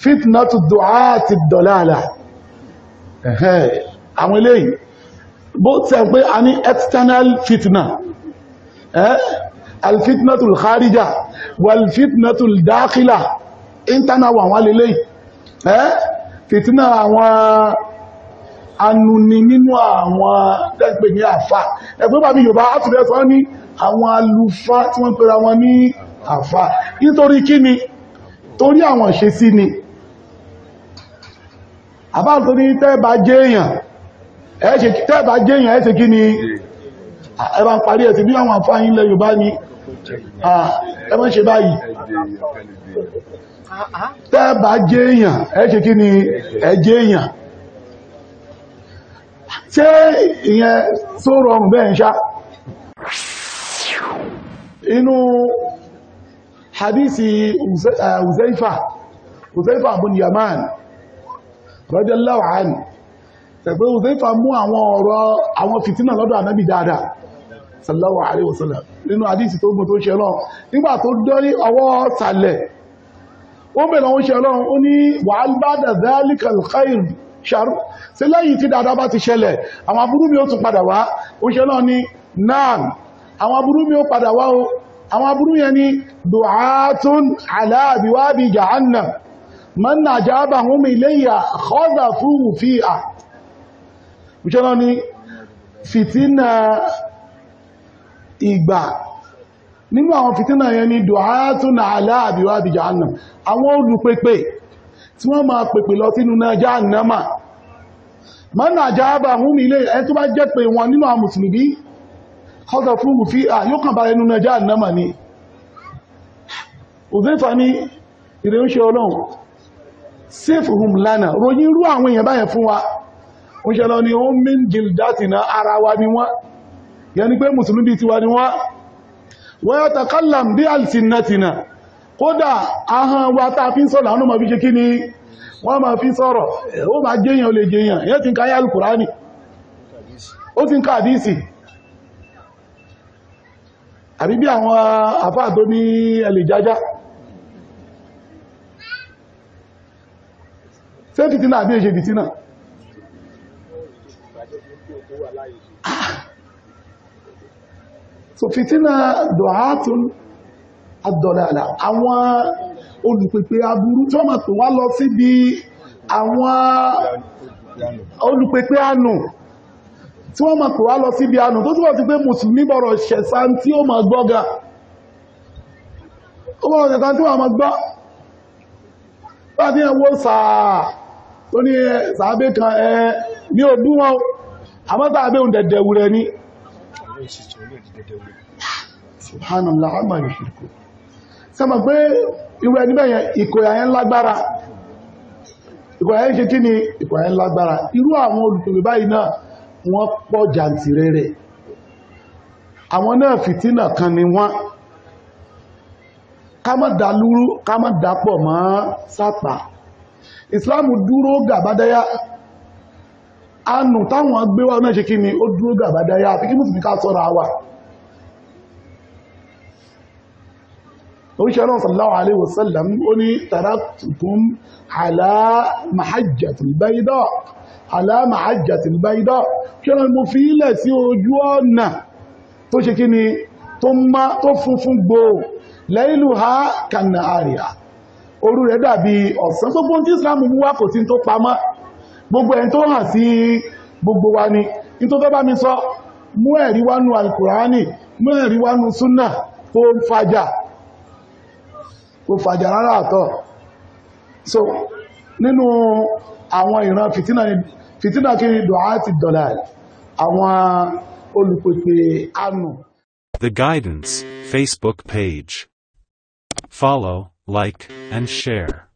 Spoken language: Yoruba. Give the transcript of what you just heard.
fitnatu du'ati dọ̀láàlá àwọn eléyìí bó tẹ́ pé a ní external fitna alfitnatu al-kharija walfitnatu al-dakhila internal wà wọ́n lélẹ́yìí fitna àwọn anuni nínú àwọn tẹ́pẹ̀ ní àfà ẹgbẹ́ bàbí Yorùbá á tún lẹ́sọ́ ní àwọn alufa tí wọ́n pèrà wọn ní àfà nítorí kí ni torí àwọn ìṣesí ni àbá tó ní tẹ́ẹ̀bà jẹ́ èèyàn ẹ́ ṣe kí ni ẹbá ń parí ẹ̀sìn bí àwọn àfáà ilẹ̀ Yorùbá ni ẹmọ́ ṣe báyìí tẹ́ẹ̀bà jẹ́ èèyàn ẹ́ ṣe kí ni ẹjẹ́ èèyàn ṣé ìyẹn só hadisi uh, Uzaifa Uzaifa bin Yaman radiyallahu anhu tẹ̀gbẹ́ Uzaifa mú àwọn ọ̀rọ̀ àwọn fìtínà lọ́dọ̀ ànábì dáadáa sallallahu alaihi wasallam nínú hadisi tó gbọ́ tó ṣe lọ nígbà tó dọ́rí ọwọ́ sàlẹ̀ ó bẹ̀rẹ̀ ó ṣe lọ́run ó ní wàálbádà zalikal khair ṣàrù sí lẹ́yìn tí dáadáa bá ti ṣẹlẹ̀ àwọn aburú mi ó tún padà wá ó ṣe lọ́ ní náà àwọn aburú mi ó padà wá o àwọn aburú yẹn ni du'atun ala abwabi jahannam man ajabahum ilayya khazafu fiha òṣèlú ni fìtínà ìgbà nínú àwọn fìtínà yẹn ni du'atun ala abwabi jahannam àwọn olùpẹ̀pẹ̀ tí wọ́n máa pèpè lọ sínú náà jahannama man ajabahum ilayya ẹni tó bá jẹ́ pé wọn kọ́dọ̀ fún mú fi àyókàn bá ẹnu nàíjá ànámà ni òzẹ́fà ní ìrẹ́ ń ṣe ọlọ́run save him lana ròyìn irú àwọn èèyàn báyẹn fún wa oúnjẹ lọ ni ó ń mí jìlìdáàtì na ara wa ni wọ́n yẹn ni pé mùsùlùmí tiwa ni wọ́n wọ́n yóò bí àlìsìnàtìnà kódà ahọ́n wa tá fi ń sọ̀rọ̀ àwọn fi ṣe kí ni wọ́n máa fi sọ̀rọ̀ ó máa jẹ́yàn ó lè jẹ́yàn yẹn ti ń ka ayé alukùránì ó ti ń ka àdísì àbí bí àwọn àfáà tó ní ẹlì jájá ṣé fìtínà àbí èṣe fìtínà so fìtínà dọ̀hátún àdọ̀lẹ̀lẹ̀ àwọn olùpèpè aburú tí mọ̀ tó wá lọ síbi àwọn olùpèpè ànù tí wọ́n ma pè wá lọ síbi àánú tó túnbọ̀ sí pé mùsùlùmí bọ̀rọ̀ ṣẹ̀sá tí ó ma gbọ́ ga ó bọ̀rọ̀ ṣẹ̀sá tí wọ́n ma gbọ́ láti ẹwọ́ sàá tó ní sàábé kan ẹ ní òbú wọn àmọ́ sàábé òun dẹ̀dẹ̀wù rẹ̀ ní subhanallah àmà ìṣirkù sọmọ pé irú ẹni bẹ́yẹn ìkòyà yẹn lágbára ìkòyà yẹn ṣe kí ni ìkòyà yẹn lágbára irú àwọn olùpèpè báyìí náà wọ́n pọ̀ jàǹtìrẹrẹ àwọn náà fìtínà kan ni wọ́n ká má dá lúrú ká má dápọ̀ mọ́ sápà ìsìláàmù dúró gàbádáyá anù táwọn agbéwà náà ṣe kí ni ó dúró gàbádáyá àfi kí mùsùlùmí ká sọ́ra wa oríṣẹ́ ọlọ́run sallallahu alaihi wasallam ó ní taraktukum ala mahajjatil bayda àlàmà àjàsìn báyìdọ́ kí ọ̀nà mo fi ilẹ̀ sí ojú ọ̀nà tó ṣe kí ni tó má tó funfun gbò lẹ́ìlú ha kànà àríà orú rẹ̀ dàbí ọ̀sán tó gbóhùn tí Islam mú wá kò sí tó pamọ́ gbogbo ẹni tó hàn sí gbogbo wa ni ní tó bá mi sọ mú ẹ̀rí wánú alkùránì mú ẹ̀rí wánú súnà kó ń fàjà kó fàjà rárá àtọ̀ so nínú àwọn ìran fìtínà ni fìtínà du'ati àwọn olùpèpè The Guidance Facebook page. Follow, like, and share.